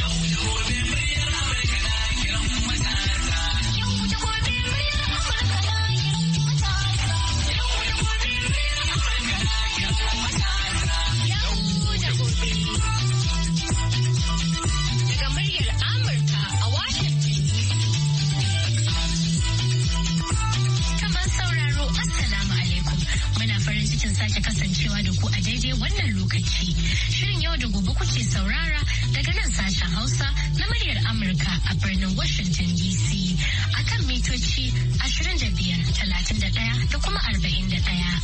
No, no, mitoci 25,31 da kuma 41.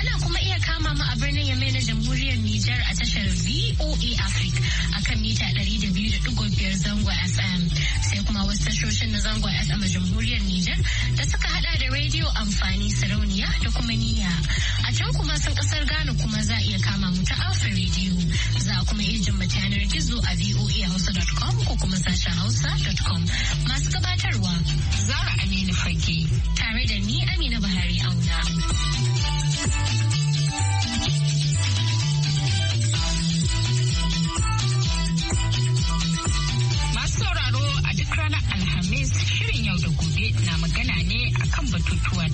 Ana kuma iya kama mu a birnin Yamai na Jamhuriyar Nijar a tashar VOA Africa a kan mita 200.5 zango FM. Sai kuma wasu tashoshin na zango FM a Jamhuriyar Nijar da suka hada da rediyo amfani Sarau duniya. A can kuma sun kasar Ghana kuma za a iya kama mu ta Alfa Radio. Za kuma iya jin mu yanar gizo a voahausa.com ko kuma sashen hausa.com. Masu gabatarwa Zara Aminu Fage tare da ni Amina Buhari Auna.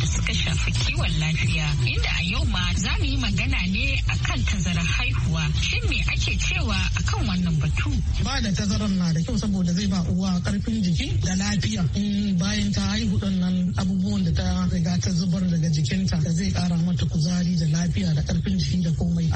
da suka shafi kiwon lafiya inda a yau ma za mu yi magana ne a kan tazarar haihuwa shin me ake cewa akan wannan batu ba da tazarar na da kyau saboda zai ba uwa karfin jiki da lafiya in bayan ta haihu nan abubuwan da ta riga ta zubar daga jikinta da zai kara mata kuzari da lafiya da karfin jiki da komai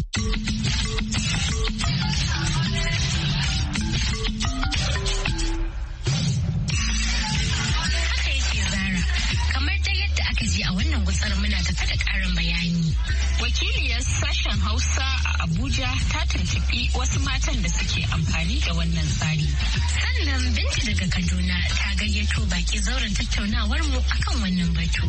wannan gutsar muna tafa da ƙarin bayani. Wakiliyar sashen Hausa a Abuja ta tuntuɓi wasu matan da suke amfani da wannan tsari. Sannan Binta daga Kaduna ta gayyato baki zauren tattaunawar mu akan wannan batu.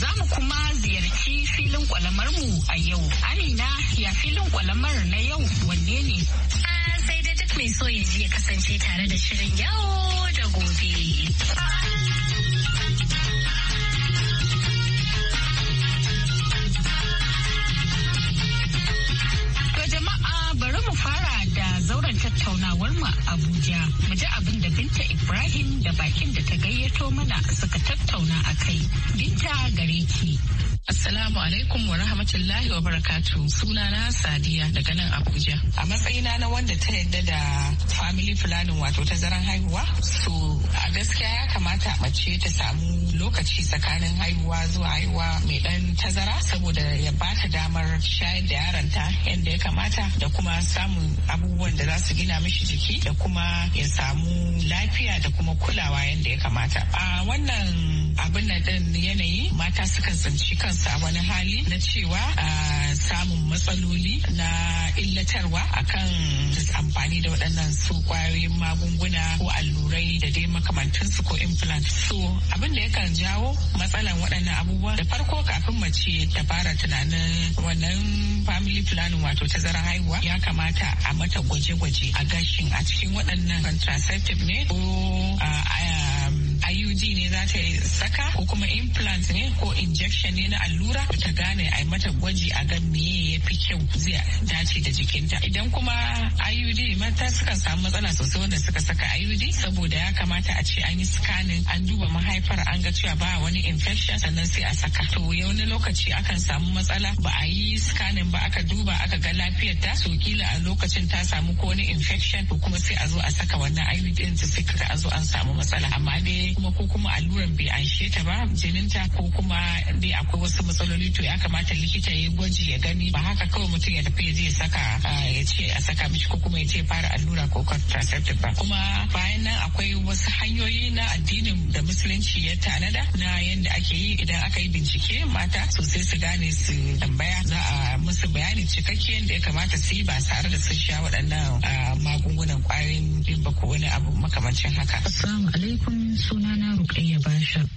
Za mu kuma ziyarci filin kwalamar mu a yau. Amina ya filin kwalamar na yau wanne ne? Ah, sai dai duk mai so ji ya kasance tare da shirin yau da gobe. fara da zauren tattaunawar mu Abuja mu ji abin da Binta Ibrahim da bakin da ta gayyato mana suka tattauna a kai. Binta gare ki. Assalamu alaikum wa rahmatullahi wa barakatu. Sunana Sadiya daga nan Abuja. A matsayina na wanda ta yadda da family planning wato tazaran haihuwa. So a gaskiya ya kamata mace ta samu lokaci tsakanin haihuwa zuwa haihuwa mai dan tazara saboda ya bata damar shayar da yaranta yadda ya kamata da kuma samun abubuwan da za su gina mishi jiki da kuma ya samu lafiya da kuma kulawa yadda ya kamata. A wannan abin na ɗin yanayi mata suka tsinci kansu a wani hali na cewa samun matsaloli na illatarwa akan amfani da waɗannan su kwayoyin magunguna ko allurai da dai makamantansu ko implant so abin da yakan jawo matsalan waɗannan abubuwa da farko kafin mace ta fara tunanin wannan family planning wato tazarar haihuwa ya kamata a mata gwaje-gwaje a gashin a cikin waɗannan contraceptive ne ko um, IUD ne za ta saka ko kuma implant ne ko injection ne na allura ta gane a mata gwaji a ga meye ya fi kyau zai dace da jikinta idan kuma IUD mata suka samu matsala sosai wanda suka saka IUD saboda ya kamata a ce an yi scanning an duba mahaifar an ga cewa ba wani infection sannan sai a saka to wani lokaci akan samu matsala ba a yi scanning ba aka duba aka ga lafiyar ta so kila a lokacin ta samu ko wani infection ko kuma sai a zo a saka wannan IUD din sai kaga zo an samu matsala amma dai kuma ko kuma alluran bai an gamshe ta ba jininta ko kuma dai akwai wasu matsaloli to ya kamata likita ya gwaji ya gani ba haka kawai mutum ya tafi ya je saka ya ce a saka mishi ko kuma ya ce fara allura ko contraceptive ba kuma bayan nan akwai wasu hanyoyi na addinin da musulunci ya tanada na yadda ake yi idan aka yi bincike mata sosai su gane su tambaya za a musu bayani cikakke da ya kamata su yi ba tare da sun sha waɗannan magungunan kwayoyin bimba ko wani abu makamancin haka. Assalamu alaikum sunana Rukayya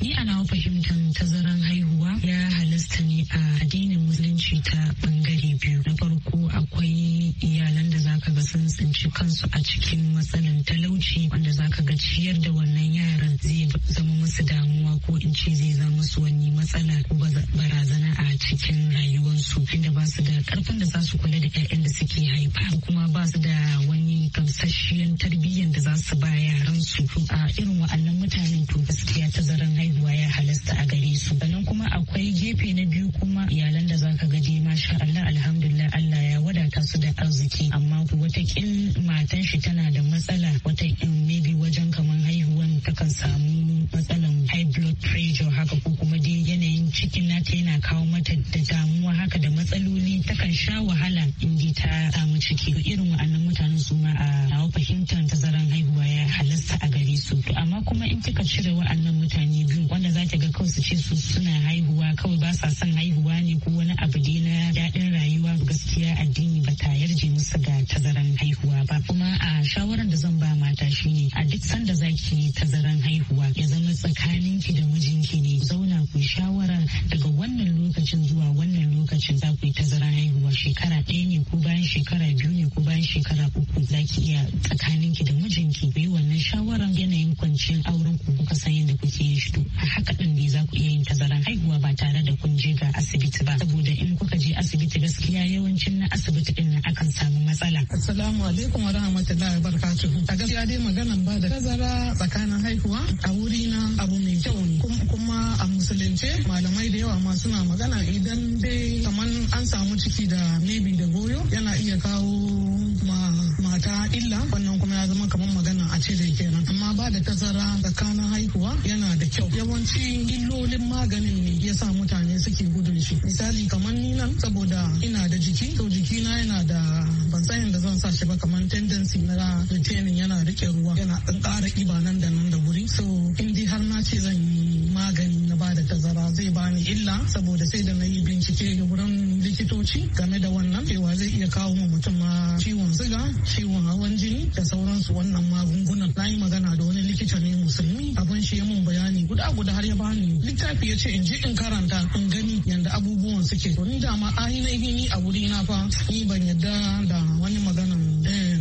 Ni a nawa fahimtar tazaran haihuwa ya halasta ne a addinin musulunci ta bangare biyu. Na farko akwai iyalan da zaka ga sun tsinci kansu a cikin matsalan talauci wanda zaka ga ciyar da wannan yaran zai zama musu damuwa ko in ce zai zama musu wani matsala ko barazana a cikin rayuwarsu inda ba su da karfin da za su kula da 'ya'yan da suke haifa kuma ba su da wani gamsasshiyan tarbiyyar da za su ba yaran su a irin wa'annan mutanen to gaskiya tazaran haihuwa haihuwa ya halasta a gare su sannan kuma akwai gefe na biyu kuma iyalan da zaka ga je masha Allah alhamdulillah Allah ya wadata su da arziki amma watakil matan shi tana da matsala watakil maybe wajen kaman haihuwan takan samu matsalan high blood pressure haka ko kuma dai yanayin cikin nata yana kawo mata da damuwa haka da matsaloli takan sha wahala in dai ta samu ciki irin wa'annan mutanen su ma a fahimtar tazaran haihuwa ya halasta a gare su amma kuma in kika cire wa'annan mutane biyu ta ga kawai ce su suna haihuwa kawai ba sa son haihuwa ne ko wani abu dai na daɗin rayuwa gaskiya addini ba ta yarje musu ga tazaran haihuwa ba kuma a shawaran da zan ba mata shine a duk sanda zaki tazaran haihuwa ya zama tsakanin ki da mijinki ne zauna ku shawara daga wannan lokacin zuwa wannan lokacin za ku yi tazaran haihuwa shekara ɗaya ne ko bayan shekara biyu ne ko bayan shekara uku za ki iya tsakanin ki da mijinki ku yi wannan shawaran yanayin kwanciyar auren ku kuka san yadda kuke yin shi to a haka din ne za ku iya yin tazara haihuwa ba tare da kun je ga asibiti ba saboda in kuka je asibiti gaskiya yawancin na asibiti din akan samu matsala. Assalamu alaikum wa rahmatullahi wa barakatuhu. A gaskiya dai maganan ba da tazara tsakanin haihuwa a wuri na abu mai kyau ne kuma a musulunce malamai da yawa ma suna magana idan dai kamar an samu ciki da maybe da goyo yana iya kawo mata illa wannan kuma ya zama kamar magana a ce da ke ba da tazara tsakanin haihuwa yana da kyau yawanci illolin maganin ne ya sa mutane suke gudun shi misali kamar ni nan saboda ina da jiki to jikina yana da ban san yadda zan sa shi ba kamar tendency na retaining yana rike ruwa yana ɗan ƙara ƙiba nan da nan da wuri so in har na ce zan yi magani ba da tazara zai bani illa saboda sai da na yi bincike ga wurin likitoci game da wannan cewa zai iya kawo ma mutum ma ciwon siga ciwon hawan jini da sauransu wannan magungunan na yi magana da wani likita ne musulmi abin shi ya mun bayani guda guda har ya bani littafi ya ce in je in karanta in gani yadda abubuwan suke to ni dama ainihin ni a wuri na fa ni ban yadda da wani maganan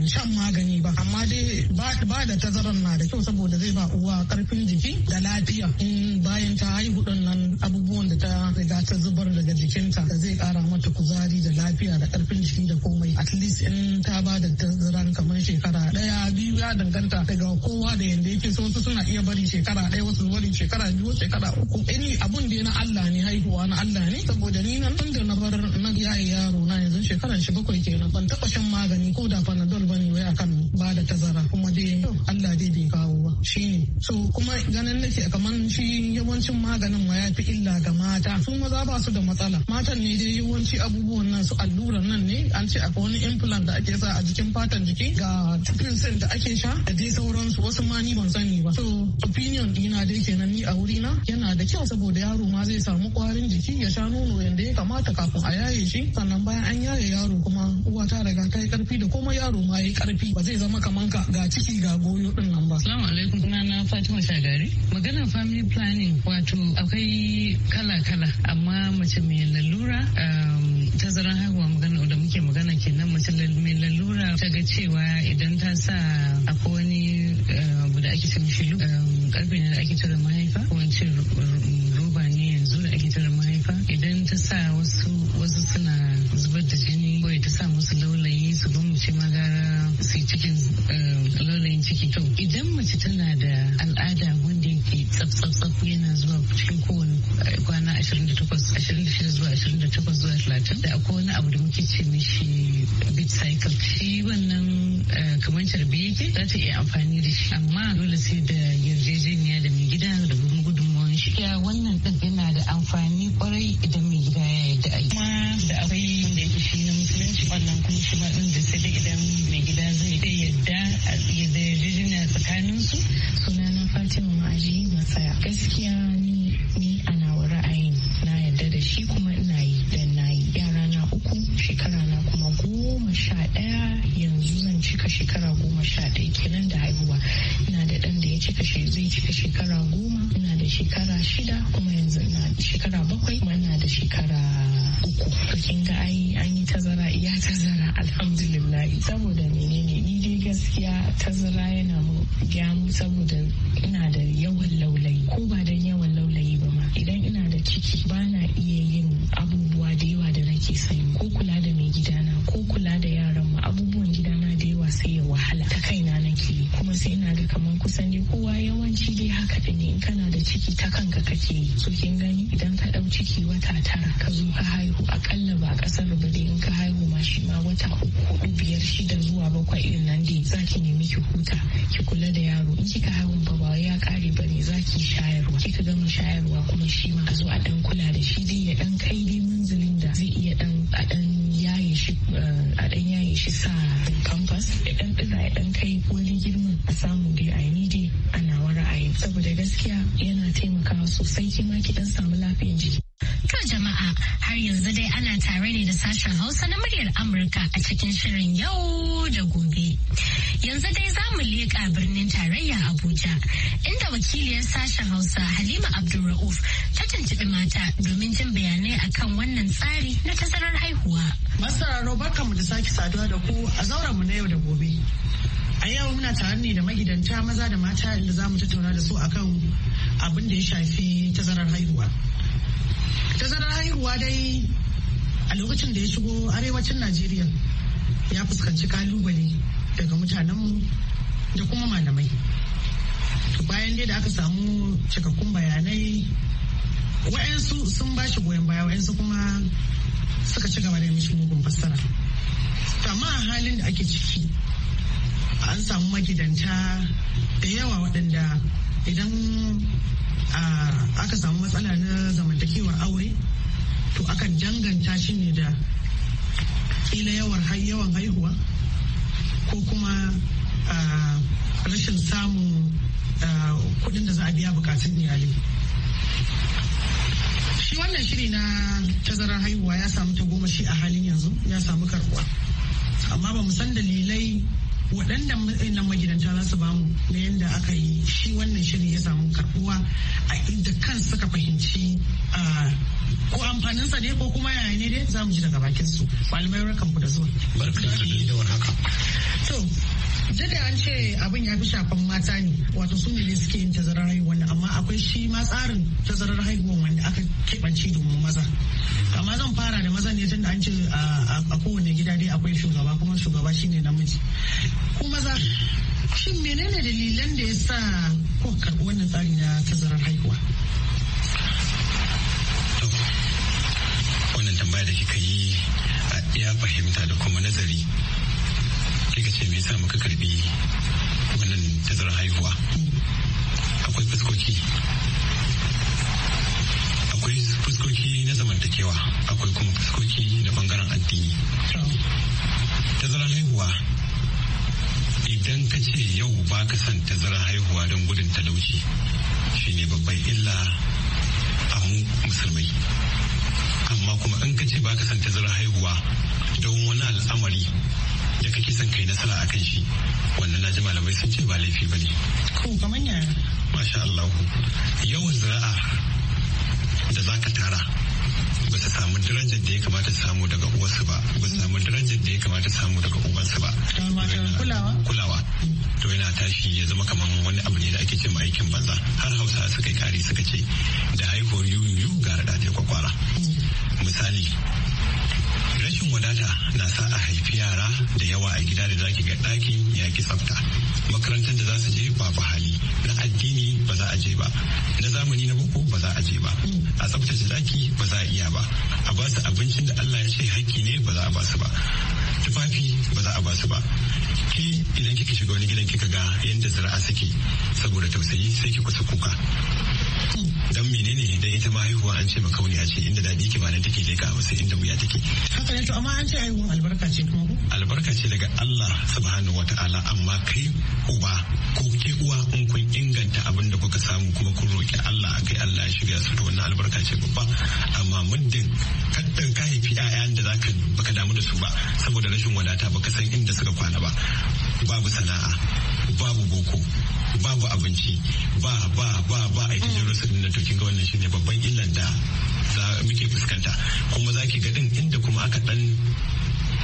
shan magani ba amma dai ba da tazarar na da kyau saboda zai ba uwa karfin jiki da lafiya in bayan ta haihu din nan abubuwan da ta riga ta zubar daga jikinta da zai kara mata kuzari da lafiya da karfin jiki da komai at least in ta ba da tazarar kamar shekara daya biyu ya danganta daga kowa da yanda yake so wasu suna iya bari shekara daya wasu bari shekara biyu shekara uku any abun da na Allah ne haihuwa na Allah ne saboda ni nan da na bar na yaye yaro na yanzu shekaran shi bakwai kenan ban taɓa shan magani ko da panadol bane wai akan ba da tazara kuma dai Allah dai bai kawo ba shi ne so kuma ganin nake kamar shi yawancin maganin ma ya fi illa ga mata su maza ba su da matsala matan ne dai yawanci abubuwan nan su alluran nan ne an ce akwai wani implant da ake sa a jikin fatan jiki ga sin da ake sha da dai sauransu wasu ma ni ban sani ba so opinion dina dai kenan ni a wuri na yana da kyau saboda yaro ma zai samu kwarin jiki ya sha nono yanda ya kamata kafin a yaye shi sannan bayan an yaye yaro kuma uwa ta riga ta yi karfi da kuma yaro ma ya yi karfi ba zai zama makamanka ga ciki ga goyo din nan ba. Assalamu alaikum Fatima Shagari. Maganar family planning wato akwai kala-kala amma mace mai lalura um, tazaran haihuwa magana da muke magana kenan mace mai lalura ta ga cewa idan ta sa akwai wani eh, abu da ake ce mishi karfe um, ne da ake cire mahaifa ko shekara na kuma goma sha ɗaya yanzu zan cika shekara goma sha ɗaya kenan da haihuwa ina da ɗan da ya cika zai cika shekara goma ina da shekara shida kuma yanzu ina da shekara bakwai kuma ina da shekara uku to kin ga ai an yi tazara iya tazara alhamdulillah saboda menene ni dai gaskiya tazara yana mu gyamu saboda ina da yawan laulayi ko ba dan yawan laulayi ba ma idan ina da ciki ba na iya yin abubuwa da yawa da nake sayi ko kula gidana ko kula da yaran mu abubuwan gidana da yawa sai ya wahala ta kaina nake kuma sai ina ga kamar kusan ne kowa yawanci dai haka da ne in kana da ciki ta kanka kake yi so kin gani idan ka ɗau ciki wata tara ka zo ka haihu akalla ba kasar ba dai in ka haihu ma shi ma wata uku hudu biyar shida zuwa bakwai irin nan dai zaki nemi ki huta ki kula da yaro in kika haihu ba ba ya kare ba ne za ki shayarwa kika gama shayarwa kuma shi ma a zo a ɗan kula da shi dai ya ɗan kai dai manzalin da zai iya dan a dan yaye shi eh, a dan shi sa kamfas ya dan ɗiga ya ɗan kai wani girman a samu dai a yi dai ana wa ra'ayi saboda gaskiya yana taimakawa sosai kima ki dan samu lafiyan jiki To jama'a har yanzu dai ana tare ne da sashen Hausa na muryar Amurka a cikin shirin yau da gobe. Yanzu dai za mu leƙa birnin tarayya Abuja inda wakiliyar sashen Hausa Halima Abdulra'uf ta tuntuɓi mata domin jin bayanai akan wannan tsari na tazarar haihuwa. Masararo mu da sake saduwa da ku a zauren mu na yau da gobe. A yau muna tare ne da magidanta maza da mata inda za mu tattauna da su akan abin da ya shafi tazarar haihuwa. tazarar haihuwa dai a lokacin da ya shigo arewacin najeriya ya fuskanci kalubale daga mutanenmu da kuma malamai bayan dai da aka samu cikakkun bayanai wa'ansu sun ba shi goyon baya wa'yansu kuma suka ci gaba da mishi mugun fassara amma a halin da ake ciki an samu magidanta da yawa waɗanda idan aka samu matsala na zamantakewar aure to akan janganta shi ne da kila yawan haihuwa ko kuma rashin samun kudin da za a biya bukatun iyali shi wannan shiri na tazarar haihuwa ya samu ta goma shi a halin yanzu ya samu karbuwa amma ba san dalilai waɗanda matsayin eh, magidanta za su bamu na yadda aka yi shi wannan shirin ya samu karbuwa a inda kan suka fahimci ko amfaninsa ne ko kuma yaya ne dai za mu ji daga bakin su malamai rakan ku da zuwa barka da warhaka to duk an ce abin ya fi shafan mata ne wato su ne suke yin tazarar haihuwa amma akwai shi ma tsarin tazarar haihuwa wanda aka keɓance domin maza amma zan fara da maza ne tunda an ce a kowane gida dai akwai shugaba kuma shugaba shine namiji maza shin menene dalilan da ya sa ko karɓi wannan tsari na tazarar haihuwa wannan tambaya da kika yi a fahimta da kuma nazari kika ce me yasa muka karbi wannan tazarar haihuwa akwai fuskoki akwai fuskoki na zamantakewa akwai kuma fuskoki na bangaren addini tazarar haihuwa idan ka ce yau ba ka son tazarar haihuwa don gudun talauci ne babban illa a musulmai amma kuma in ka ce ba ka son tazarar haihuwa don wani al'amari da kake son kai nasara a kan shi wannan na ji malamai sun ce ba laifi ba ne. Masha Allah yawan zira'a da za ka tara su samu darajar da ya kamata su samu daga uwarsu ba ba su samu darajar da ya kamata samu daga uwarsu ba kulawa to yana tashi ya zama kamar wani abu ne da ake ce aikin banza har hausa suka yi kari suka ce da haihuwar yuyu ga rada ta kwakwara misali rashin wadata na sa a haifi yara da yawa a gida da zaki ga ɗakin ya ki tsafta makarantar da za su je ba hali na addini ba za a je ba na zamani na boko ba za a je ba a tsabtace zaki ba za a iya ba a ba su abincin da Allah ya ce hakki ne ba za a ba su ba tufafi ba za a ba su ba ki idan kika shiga wani gidan kika ga yadda zira'a suke saboda tausayi sai ki kusa kuka dan menene idan ita ma haihuwa an ce makauniya ce inda dadi ke ba nan take leka ba sai inda wuya take haka ne to amma an ce haihuwa albarka ce kuma ko albarka ce daga Allah subhanahu wataala amma kai uba ko ke uwa in kun inganta abin da kuka samu kuma kun roki Allah akai Allah ya shirya su to wannan albarka ce babba amma muddin kaddan ka haifi 'ya'yan da zaka baka damu da su ba saboda rashin wadata baka san inda suka kwana ba babu sana'a babu boko babu abinci ba ba ba ba a ita jarusa din da to kinga wannan shine babban illan da za muke fuskanta kuma zaki ga din inda kuma aka dan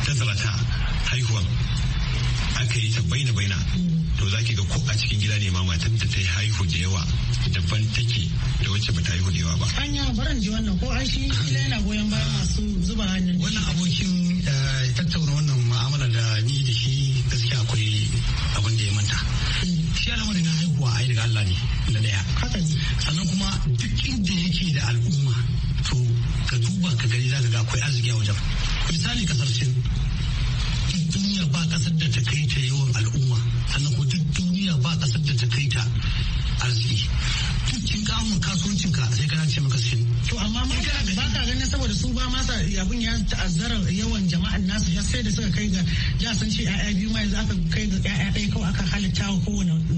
tazarata haihuwan aka yi ta baina baina to za ki ga ko a cikin gida ne ma matan da ta yi haihu da yawa daban take da wacce ba ta haihu da yawa ba. An yi baran ji wannan ko an shi gida yana goyon baya masu zuba hannun. Wannan abokin eh, tattauna wannan ma'amala da ni da shi Allah ne na daya sannan kuma duk inda yake da al'umma to ka duba ka gani za ka ga akwai arziki a wajen misali kasar sin duk duniya ba kasar da ta kai ta yawan al'umma sannan ko duk duniya ba kasar da ta kai ta arziki duk kin amma kasuwancin ka sai kana ce maka sin to amma ma ba ka ganin saboda su ba masa abun ya ta'azzara yawan jama'an nasu sai da suka kai ga ya san ce 'ya'ya biyu ma yanzu aka kai ga 'ya'ya ɗaya kawai aka halitta kowane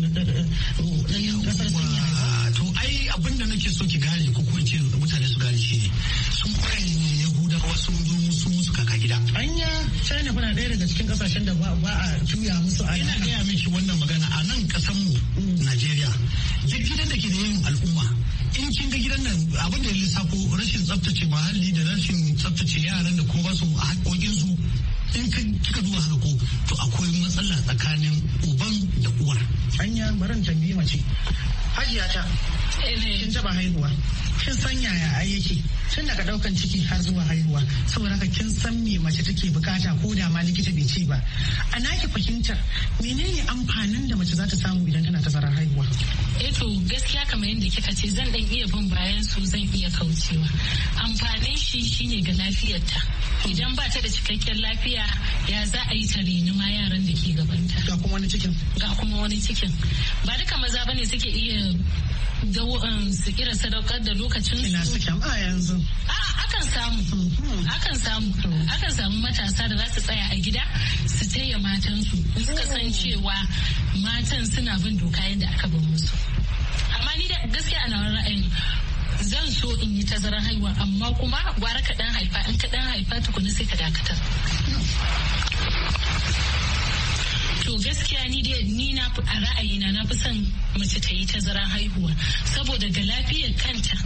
to ai abin da nake so ki gane ko kuma ce mutane su gane shi ne sun kware ne yahudawa sun zo musu musu kaka gida anya china bana daya daga cikin kasashen da ba a juya musu a ina gaya shi wannan magana a nan kasan mu Najeriya duk gidan da ke da yin al'umma in kin ga gidan nan abin da ya lissafo rashin tsaftace muhalli da rashin tsaftace yaran da kuma ba su haƙoƙin su in kika duba haka ko to akwai matsala tsakanin barin barin ce mace hajiya ta eh, kin taba haihuwa kin san yaya ai yake tun daga daukan ciki har zuwa haihuwa saboda haka kin san me mace take bukata ko da ma likita bai ce ba a naki fahimtar menene amfanin da mace za ta samu idan tana tazarar haihuwa eh to gaskiya kamar yadda kika ce zan dan iya bin bayan su zan iya kaucewa amfanin shi shine ga lafiyarta idan ba ta da cikakken lafiya ya za a yi ta reni ma yaran da ke gabanta ga kuma wani cikin ga kuma wani cikin ba duka maza bane suke iya da um, su kira sadaukar da lokacin ina suke a yanzu Ah, akan samu akan samu matasa da za su tsaya a gida su taya matansu suka san cewa matan suna bin doka yadda aka bin musu amma ni da gaskiya nawar ra'ayin zan so in yi tazarar haihuwa amma kuma gwara ka dan haifa in ka dan haifa tukuna sai ka dakatar to gaskiya ni dai ni na a ra'ayina na fi son mace ta yi tazaran haihuwa saboda ga lafiyar kanta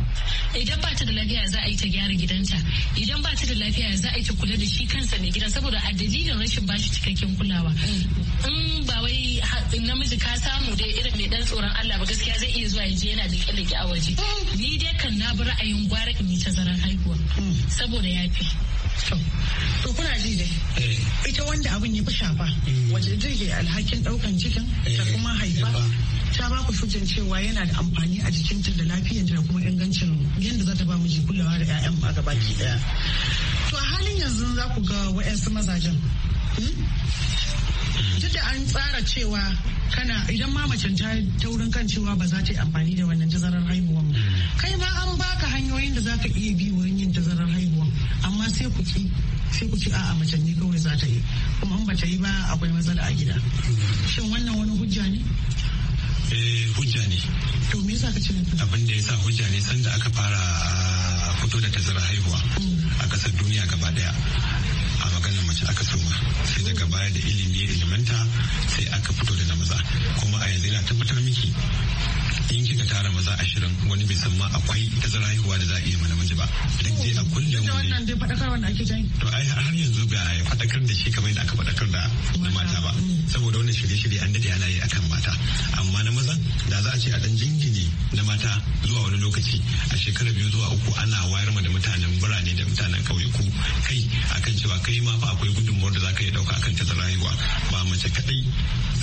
idan ba ta da lafiya za a yi ta gyara gidanta idan ba ta da lafiya za a yi ta kula da shi kansa mai gidan saboda a dalilin rashin bashi cikakken kulawa in ba wai namiji ka samu dai irin mai dan tsoron Allah ba gaskiya zai iya zuwa ya je yana da a waje ni dai kan na bi ra'ayin gwara in yi tazaran haihuwa mm. saboda yafi to kuna ji dai eh. ita wanda abin ya fi shafa hmm. wanda zai yi alhakin ɗaukan cikin da eh, kuma haifa ta ba ku shujan cewa yana da amfani a jikinta da lafiyanta da kuma ingancin yadda za ta ba miji kulawa da 'ya'yan a gabaki daya to a halin yanzu za ku ga wa'yansu mazajen hmm? duk da an tsara cewa kana idan ma macen ta taurin kan cewa ba za ta yi amfani da wannan tazarar ba. Hmm. kai ma an baka hanyoyin da za ka iya bi wurin yin tazarar haihuwa amma sai ku ci sai ku ci a'a macen ne kawai za ta yi kuma in bata yi ba akwai matsala a gida shin wannan wani hujja ne eh hujja ne to me yasa ka ce abin da yasa hujja ne sanda aka fara ah, fito da tazara haihuwa mm. a kasar duniya gaba daya a maganar mace aka soma sai daga baya da ilimi ya ilimanta sai aka fito da na maza kuma a yanzu na tabbatar miki in kika tara maza ashirin wani bai san ma akwai tazara haihuwa da za a iya mana miji ba duk dai a kullum wannan dai da ake jani to ai har yanzu ga fadakar da shi kamar yadda aka fadakar da mata ba saboda wannan shirye-shirye an dade ana yi akan mata amma na maza da za a ce a dan jingine na mata zuwa wani lokaci a shekara biyu zuwa uku ana wayar ma da mutanen birane da mutanen kauyuku kai akan cewa kai ma fa akwai gudunmuwar da za ka iya ɗauka akan tazara haihuwa ba mace kaɗai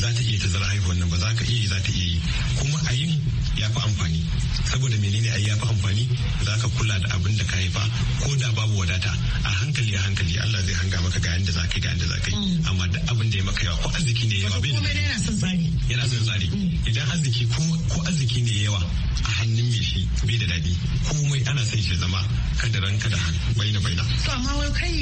za ta iya ta zara haihuwan nan ba za ka iya yi za ta iya yi kuma a yin ya fi amfani saboda menene ai ya fi amfani za ka kula da abin da ka haifa ko da babu wadata a hankali a hankali Allah zai hanga maka ga yanda za ka yi ga yanda za ka yi mm. amma duk abin da ya maka yawa ko arziki ne yawa bai ne yana son tsari yana son tsari mm. idan arziki ko arziki ne yawa a hannun mai shi bai da daɗi komai ana son shi zama kada ranka da baina baina to amma wai kai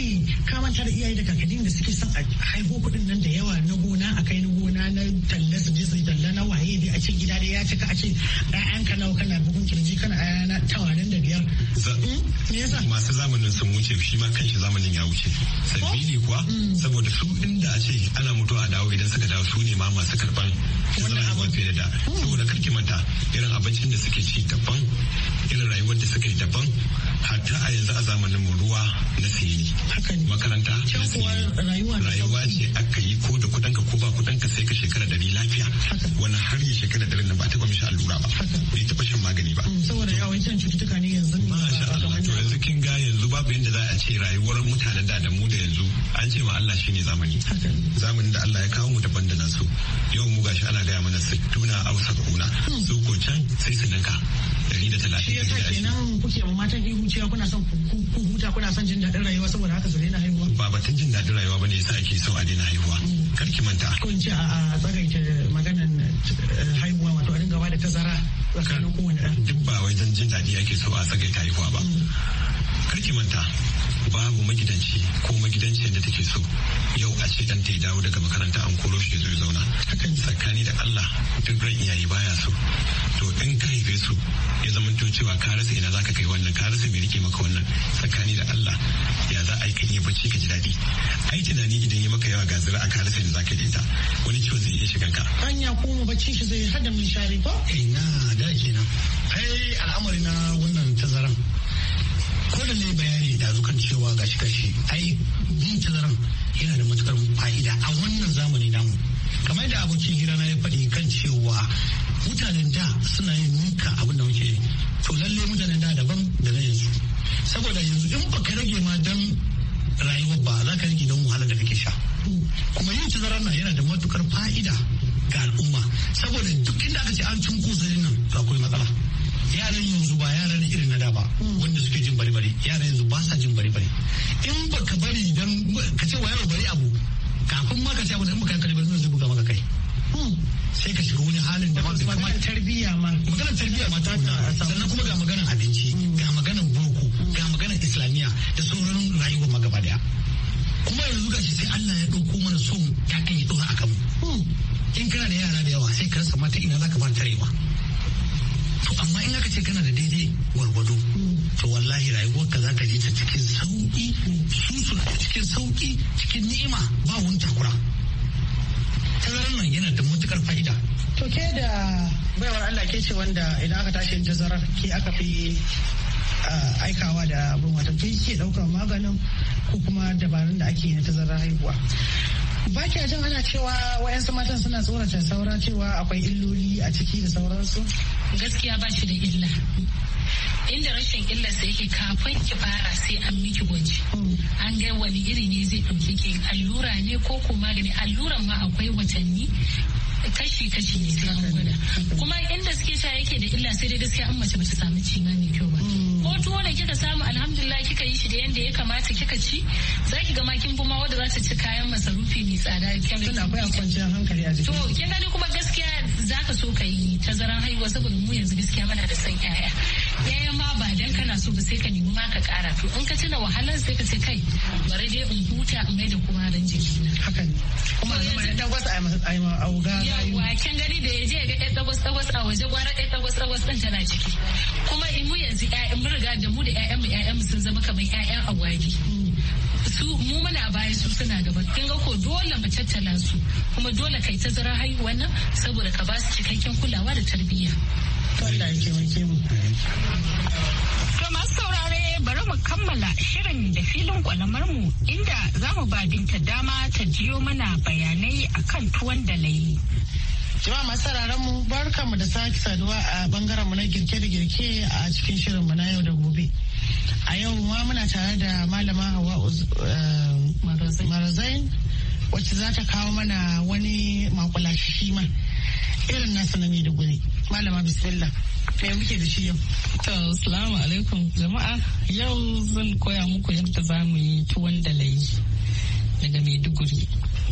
ka manta da iyaye da kakadin da suke son a haihu kuɗin nan da yawa na gona a kai na gona na talla su je su talla na waye dai a cikin gida da ya cika a cikin. ƴaƴanka nawa kana bugun kirji kana ayana tawanin da biyar hmm? masu zamanin sun wuce shi ma kanshi zamanin ya wuce sabili kuwa hmm. saboda su inda a ce ana mutuwa a dawo idan suka dawo su ne ma masu karban wannan abin fiye da saboda karki manta irin abincin da suke ci daban irin rayuwar da suka daban hatta a yanzu a zamanin mu ruwa na siyi makaranta na rayuwa ce shi ne zamani zamanin da Allah ya kawo mu daban da nasu yau mu gashi ana gaya mana sittuna au sab'una su ko can sai su ninka ɗari da talatin da kenan kuke ma matan ihu cewa kuna son ku huta kuna son jin daɗin rayuwa saboda haka su daina haihuwa ba batun jin daɗin rayuwa bane yasa ake so a daina haihuwa mm. kar ki manta ko in ce a tsagaita maganan eh, haihuwa wato a dinga ba da tazara tsakanin kowane ɗan duk ba wai jin daɗi ake so a tsagaita haihuwa ba mm. kar ki manta babu magidanci ko magidanciyar da take so yau a ce dan ta dawo daga makaranta an koro shi zai zauna hakan tsakani da Allah duk ran iyaye baya so to in ka haife su ya zama to cewa ka rasa ina zaka kai wannan ka rasa me rike maka wannan tsakani da Allah ya za a yi kan yi bacci ka ji daɗi ai tunani idan ya maka yawa ga zira a ka rasa za zaka yi ita wani ciwon zai iya shiga ka hanya ko mu bacci shi zai hada min share ba ina da kenan ai al'amari na wannan tazaran ko da ne bayani da zukan cewa gashi gashi ai bin tazaran yana da matukar fa'ida a wannan zamani namu kamar da abokin hira na ya faɗi kan cewa mutanen da suna yin ninka abin da muke to lalle mutanen da daban da na yanzu saboda yanzu in baka rage ma dan rayuwar ba za ka rage don wahala da kake sha kuma yin tazarar na yana da matukar fa'ida ga al'umma saboda duk inda aka ce an cunkusa nan to akwai matsala yaran yanzu ba yara ne irin na da ba wanda suke jin bari bari yaran yanzu ba sa jin bari bari in baka bari dan ka ce wa yaro bari abu kafin ma ka ce abu da in baka zai buga maka kai hmm. sai ka shiga wani halin da ba su kamar tarbiyya ma maganar tarbiyya ma ta sannan kuma ga maganar abinci ga maganar boko ga maganar islamiyya da sauran rayuwa ma gaba daya kuma yanzu gashi sai Allah ya dauko mana son ta kai dora akan mu hmm. in kana da yara da yawa sai ka rasa mata ina zaka fara tarewa to amma in aka ce kana da daidai gwargwado to wallahi rayuwarka za ka ji ta cikin sauki susuna cikin sauki cikin ni'ima ba wani takura tazarar nan yana da matukar fa'ida to ke da baiwar Allah ke ce wanda idan aka tashi tazarar ke aka fi ah, aikawa da abin ta ke dauka maganin ko kuma dabarun da ake yi na tazarar haihuwa ba kya jin ana cewa wayansu matan suna tsorata saura cewa akwai illoli a ciki da sauransu gaskiya ba shi da illa inda rashin illarsa yake kafin ki fara sai an miki gwaji an ga wani iri ne zai ɗauki ki allura ne ko ko magani alluran ma akwai watanni kashi-kashi ne sai an gwada kuma inda suke sha yake da illa sai dai gaskiya an mace bata samu ci mai kyau ba ko tuwo ne kika samu alhamdulillah kika yi shi da yanda ya kamata kika ci zaki ga ma kin ma wanda za ta ci kayan masarufi mai tsada kin ga akwai kwanciyar hankali a jiki to kin gani kuma gaskiya zaka so ka yi tazaran haihuwa saboda mu yanzu gaskiya muna da son 'ya'ya Yayan ma ba dan kana so ba sai ka nemi ma ka kara to in ka tuna wahalar sai ka ce kai bari dai in huta in mai da ran jiki na. Haka ne. Kuma a zama da gwas a yi ma auga. Yawwa kin gani da ya ga ɗan tsagwas tsagwas a waje gwara ɗan tsagwas tsagwas din tana ciki. Kuma in mu yanzu ƴaƴan mun riga da mu da mu ƴaƴan mu sun zama kamar ƴaƴan agwagi. su mu muna baya su suna gaba kin ga ko dole mu tattala su kuma dole kai ta zara haihuwa nan saboda ka ba su cikakken kulawa da tarbiyya Allah ya taimake mu to masu saurare bari mu kammala shirin da filin kwalamar mu inda za mu ba binta dama ta jiyo mana bayanai akan tuwon da layi Jama'a masu mu barkamu da sake saduwa a bangaren mu na girke da girke a cikin shirin mu na yau da gobe. a yau ma muna tare da malama hawa eh, marazain wacce za ta kawo mana wani makulashi shi ma irin nasa na da guri malama bismillah me muke da shi yau to assalamu alaikum jama'a yau zan koya muku yadda za mu yi tuwon dalayi daga maiduguri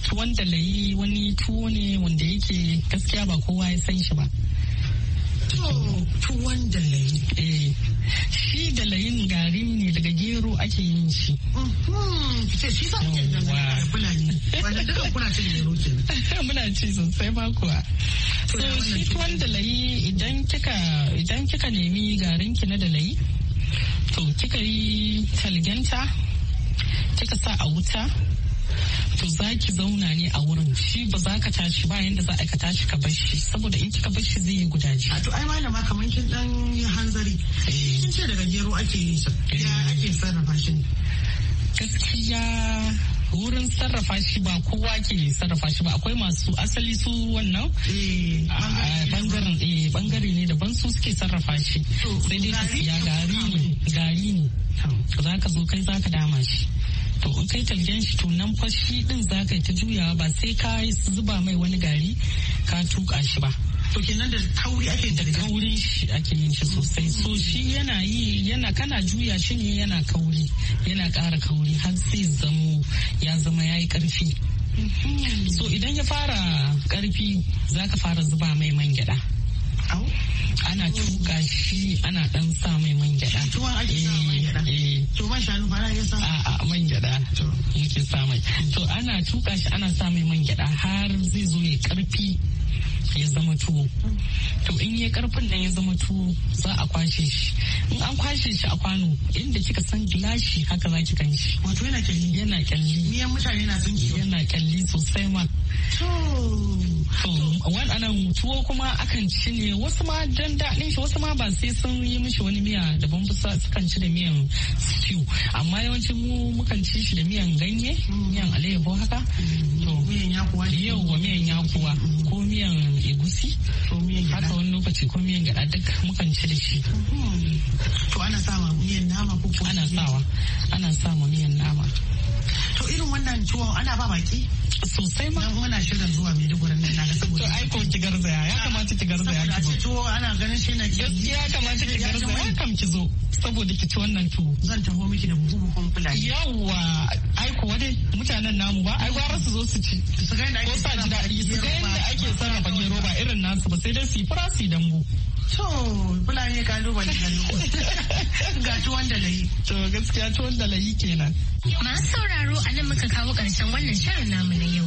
tuwon dalayi wani tuwo ne wanda yake gaskiya ba kowa ya san shi ba tuwon dalayi eh. shi da layin gari ne daga gero ake yin shi muna ci sosai ba kuwa so shi tuwon da layi idan kika idan kika nemi garin ki na da layi to kika yi talgenta kika sa a wuta to za ki zauna ne a wurin shi ba za ka tashi ba yanda za a ka tashi ka bar shi saboda in kika bar shi zai yi gudaji. A to ai malama kamar kin dan hanzari. Eh. Kin ce daga gero ake yin sa. Ya eh. ake sarrafa shi. Gaskiya wurin sarrafa shi ba kowa ke sarrafa shi ba akwai masu asali su wannan eh, bangaren bangare ne daban su suke sarrafa shi sai dai ya gari ne gari ne za ka zo kai za ka dama shi to in kai talgen shi to nan fa shi din za ta juyawa ba sai ka zuba mai wani gari ka tuka shi ba to kenan da kauri ake da kauri shi ake yin shi sosai so shi yana yi yana kana juya shi ne yana kauri yana ƙara kauri har sai zamo ya zama yayi karfi mhm. so idan ya fara karfi zaka fara zuba mai man gyada ana tuka shi ana dan sa mai man gyada tuwa ake sa mai gyada eh, eh. to shanu ya sa a man gyada to sa mai to ana tuka shi ana sa mai man gyada har zai zo ya karfi ya zama tuwo to in ya karfin nan ya zama tuwo za a kwashe shi in an kwashe shi a kwano inda kika san gilashi haka za ki kan shi wato yana kyalli yana kyalli miyan mutane na son yana kyalli sosai ma to wadannan tuwo kuma akan ci ne wasu ma don daɗin shi wasu ma ba sai sun yi mishi wani miya daban fusa sukan ci da miyan stew amma yawanci mu mukan ci shi da miyan ganye miyan alayyahu haka miyan yakuwa yau wa miyan yakuwa ko miyan egusi haka wani lokaci ko miyan gada duk mukan ci da shi to ana sama miyan nama ko ana sawa ana sama miyan nama to irin wannan tuwo ana ba baki sosai ma muna shirin zuwa mai ki garzaya ya kamata ki garzaya ki zo tuwo ana ganin shi na gaskiya ya kamata ki garzaya kam ki zo saboda ki ci wannan tuwo zan taho miki da buhu buhun fulani yawwa ai kuwa dai mutanen namu ba ai gwara su zo su ci su ga inda ake sarrafa daɗi su ga yadda ake sarrafa gero roba irin nasu ba sai dai su yi fura su yi dambu To, fulani ka duba ga tuwon da layi. To, gaskiya tuwon da layi kenan. Masu sauraro a nan muka kawo ƙarshen wannan shirin namu na yau.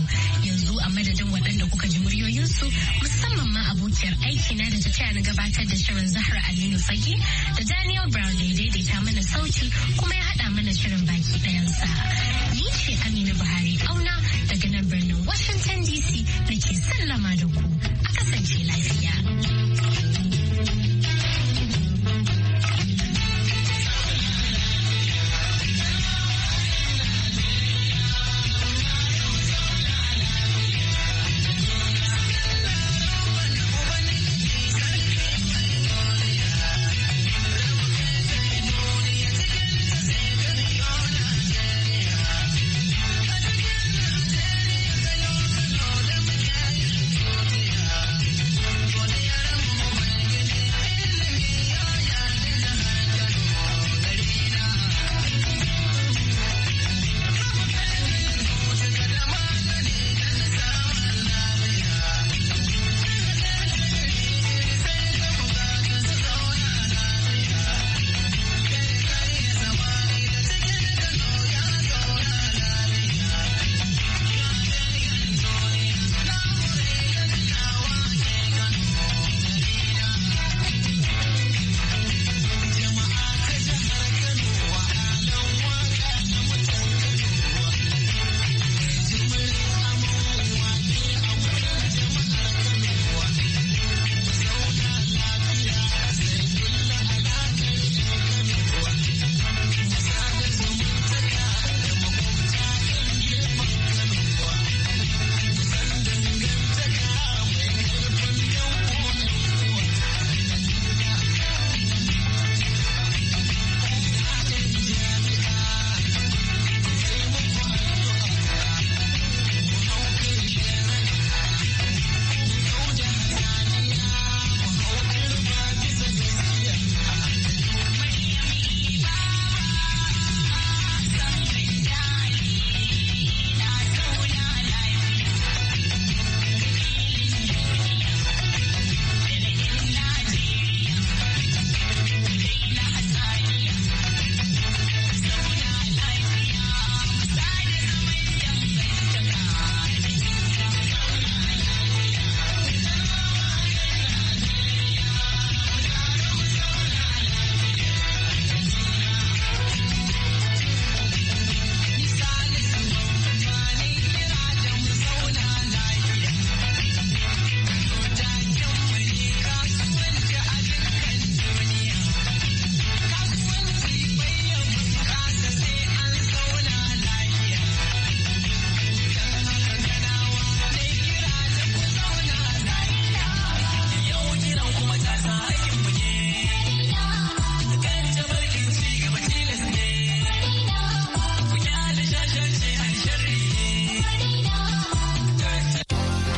a madadin waɗanda kuka ji muryoyinsu musamman ma abokiyar aiki na da ta taya na gabatar da shirin Zahra Aminu Fage da Daniel Brown da ya daidaita mana sauti kuma ya haɗa mana shirin baki ɗayansa. Ni ce Amina Buhari auna daga nan birnin Washington DC da ke sallama da